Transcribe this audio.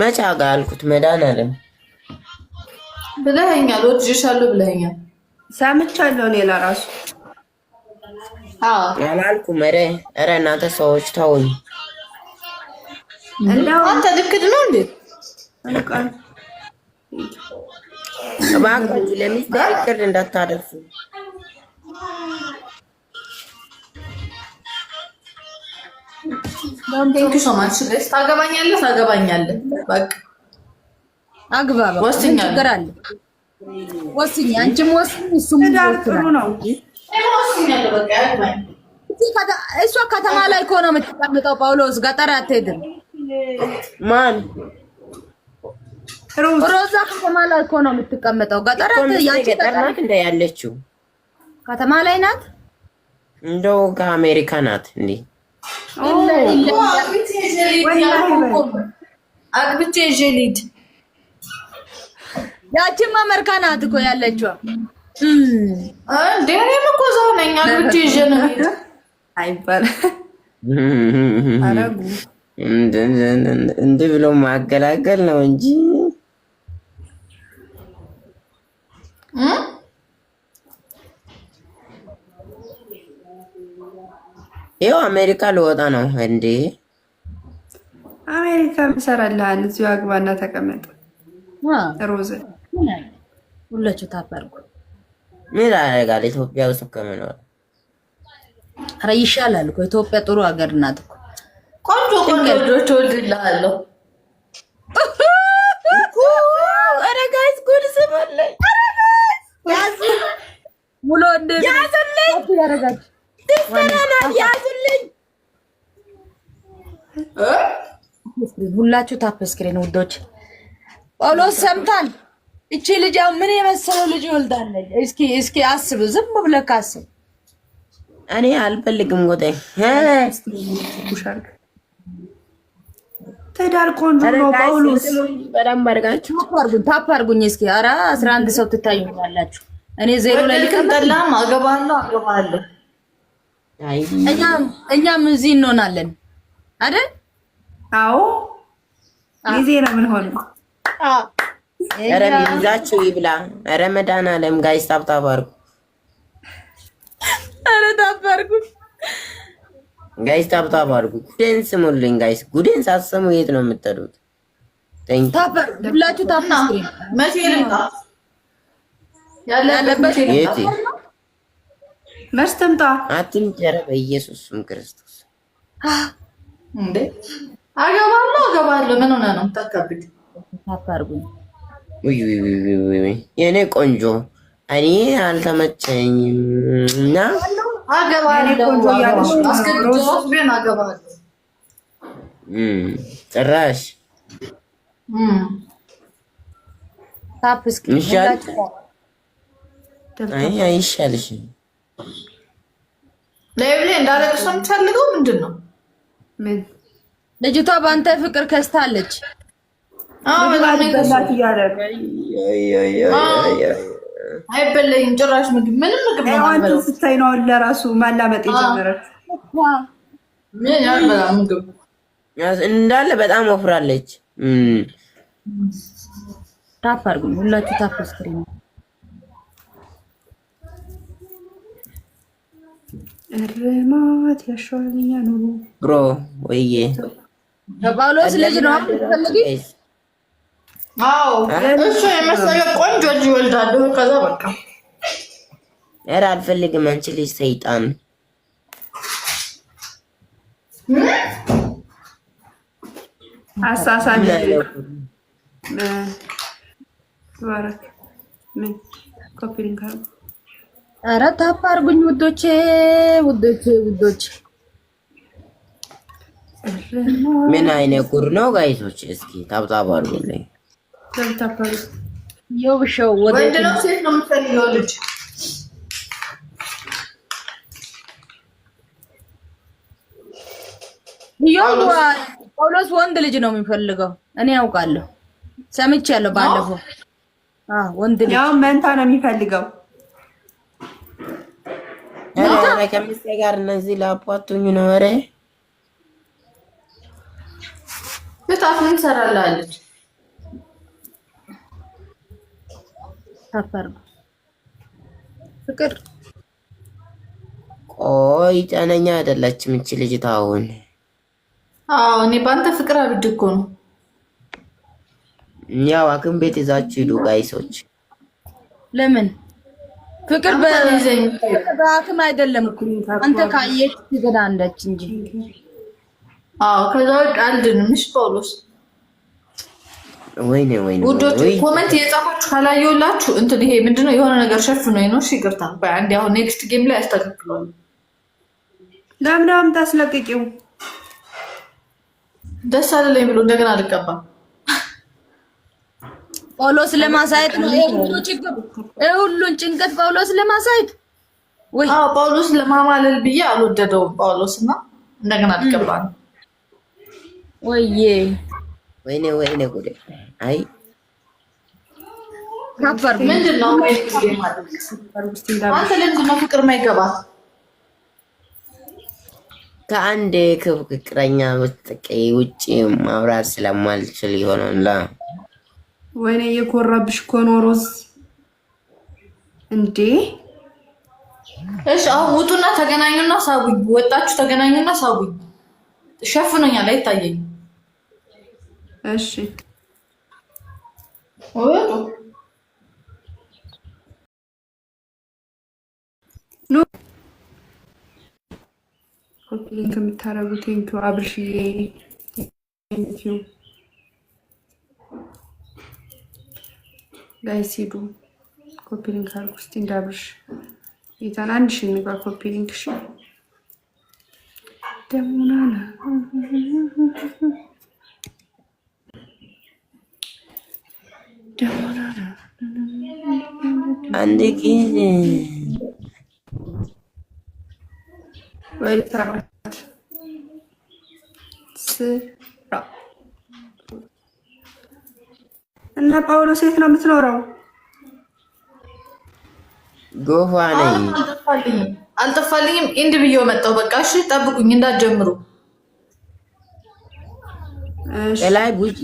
መጫ ጋ አልኩት። መድኃኒዓለም ብለኸኛል፣ ወድጄሻለሁ ብለኸኛል። ሰምቻለሁ። እኔ ለራሱ አላልኩም። ኧረ ኧረ እናንተ ሰዎች ተውኝ። እንደው አንተ ልክድ ነው እንዴ? እባክህ ለሚስቴ ቅድ እንዳታደርሱ ቴንክ ታገባኛለህ ታገባኛለህ፣ አግባ። ወስኛ ችግር አለ አንቺም ወስኝ፣ እሱም እሷ ከተማ ላይ እኮ የምትቀምጠው። ጳውሎስ ገጠር አትሄድም። ማን ሮዛ ከተማ ላይ እኮ ነው ገጠር ናት እንደ ያለችው ከተማ ላይ ናት። እንደው ከአሜሪካ ናት እንዴ? አግብቼ ይዤ ልሂድ። ያቺማ መርካ ናት እኮ ያለችው። እኔም እኮ እዛው ነኝ። አግብቼ ይዤ ነው አይባልም። እንዲህ ብሎ ማገላገል ነው እንጂ ይኸው አሜሪካ ልወጣ ነው እንዴ? አሜሪካ ምሰራልሃል። እዚሁ አግባና ተቀመጥ። ሮዝ ሁላችሁ ታፈርጉ። ምን ያደርጋል ኢትዮጵያ ውስጥ ከምኖር። ኧረ ይሻላል እኮ ኢትዮጵያ ጥሩ ሀገር ናት እኮ። ቆንጆ ቆንጆ ልጆች ወልድልሃለሁ። ኧረ ጋይስ ጉድ ስማለኝ። ያዙ ሙሉ እንደ ያዙልኝ ያደረጋችሁ ያዙልኝ። ሁላችሁ ታፕ ስክሪን ውዶች፣ ጳውሎስ ሰምታል። እቺ ልጅ ምን የመሰለው ልጅ ይወልዳለች። እስኪ እስኪ አስብ፣ ዝም ብለህ ካስብ። እኔ አልፈልግም። ጎጤ ትዳር ቆንጆ ነው። ጳውሎስ በደንብ አድርጋችሁ ታፕ አድርጉኝ እስኪ። ኧረ አስራ አንድ ሰው ትታዩኛላችሁ። እኔ ዜሮ ላይ ልቀም ጠላም አገባለሁ አገባለሁ እኛም እዚህ እንሆናለን አይደል? አዎ ጊዜ ነው የምንሆነው። ኧረ ይዛችሁ ይብላ። ኧረ መድኃኒዓለም ጋይስ ታብታብ አድርጉ። ኧረ ታብ አድርጉ ጋይስ ታብታብ አድርጉ። ጉዴን ስሙልኝ ጋይስ። ጉዴን ሳትሰሙ የት ነው የምትሄዱት? ሁላችሁ ታብታ መቼ ነው ያለበት? መርስ ትምጣ አትምጪ፣ ኧረ በኢየሱስም ክርስቶስ እንዴ! አገባለሁ አገባለሁ። ምን ሆነ ነው ታካብድ ታካርጉኝ። ውይ ውይ፣ የኔ ቆንጆ እኔ አልተመቸኝም እና አገባለሁ። ጭራሽ ይሻልሽ ላይብ ላይ እንዳለቅስ ነው የምትፈልገው? ምንድን ነው ልጅቷ በአንተ ፍቅር ከስታለች። አይበለኝም ጭራሽ ምግብ ምንም ምግብ ነው ስታይ ነው ለራሱ ማላመጥ የጀመረች እንዳለ በጣም ወፍራለች። ታፕ አድርጉኝ ሁላችሁ ታፍ ስክሪን እርማት ያሸዋልኛ ኑሩ ብሮ ወይዬ ልጅ ነው እሱ የመሰለ ቆንጆ ልጅ ከዛ በቃ ኧረ አልፈልግም። አንቺ ልጅ ሰይጣን አሳሳቢ ምን ኧረ ታፕ አርጉኝ ውዶቼ፣ ውዶቼ፣ ውዶች ምን አይነት ጉድ ነው ጋይሶች? እስኪ ታብታብ አድርጉልኝ። የውብሸው ወደ ሴት ነው የምትፈልገው ልጅ ጳውሎስ ወንድ ልጅ ነው የሚፈልገው። እኔ ያውቃለሁ፣ ሰምቼ ያለው ባለፈው። ወንድ ልጅ ያው መንታ ነው የሚፈልገው ከሚስቴ ጋር እነዚህ ለአቧቱኝ ነው። ኧረ ብታት ምን ትሰራላለች? ሰፈር ፍቅር ቆይ ጨነኛ አይደለችም እቺ ልጅት። አሁን አዎ፣ እኔ በአንተ ፍቅር አብድ እኮ ነው። ያው አክም ቤት ይዛችሁ ሂዱ ጋይሶች። ለምን ፍቅር በአክም አይደለም እኮ አንተ ካየህ ትገዳለች እንጂ። አዎ ከዛ ውጭ አልድንም። እሺ ጳውሎስ፣ ወይኔ ወይኔ፣ ውዶች ኮመንት የጻፋችሁ ካላየሁላችሁ እንትን ይሄ ምንድነው የሆነ ነገር ሸፍኖኝ ነው። እሺ ይቅርታ። አንዴ አሁን ኔክስት ጌም ላይ አስተካክለዋለሁ። ለምን አምጣ አስለቅቂው። ደስ አለለኝ ብሎ እንደገና አልቀባም ጳውሎስ ለማሳየት ነው ሁሉን ጭንቀት ጳውሎስ ለማሳየት ወይ? አዎ ጳውሎስ ለማማለል ብዬ አልወደደውም። ጳውሎስ እና እንደገና አልገባ ነው ወይዬ፣ ወይኔ፣ ወይኔ ጉዴ! አይ ካፈር ምንድን ነው? አንተ ለምንድን ነው ፍቅር ማይገባ? ከአንድ ፍቅረኛ ውጭ ማውራት ስለማልችል ይሆናል። ወይኔ የኮራብሽ እኮ ኖሮስ እንዴ! እሺ አሁን ውጡና ተገናኙና ሳቡኝ። ወጣችሁ ተገናኙና ሳቡኝ። ሸፍኖኛል አይታየኝ። እሺ ወጡ ኑ ኮፒ ሊንክ የምታረጉት ቴንኪው አብርሽዬ ቴንኪው ለአይሲዱ ኮፒ ሊንክ አድርጉ እስኪ እንዳብርሽ ጌታን አንድ ሺህ እንግባ ኮፒ ሊንክ ሺ ደሙናና ደሙናና አንድ ጊዜ ወይ ስራ ጳውሎስ የት ነው የምትኖረው? ጎፋ ነኝ። አልጠፋልኝም። ኢንድ ብዬ መጣው በቃ እሺ፣ ጠብቁኝ እንዳትጀምሩ። ላይ ቡጂ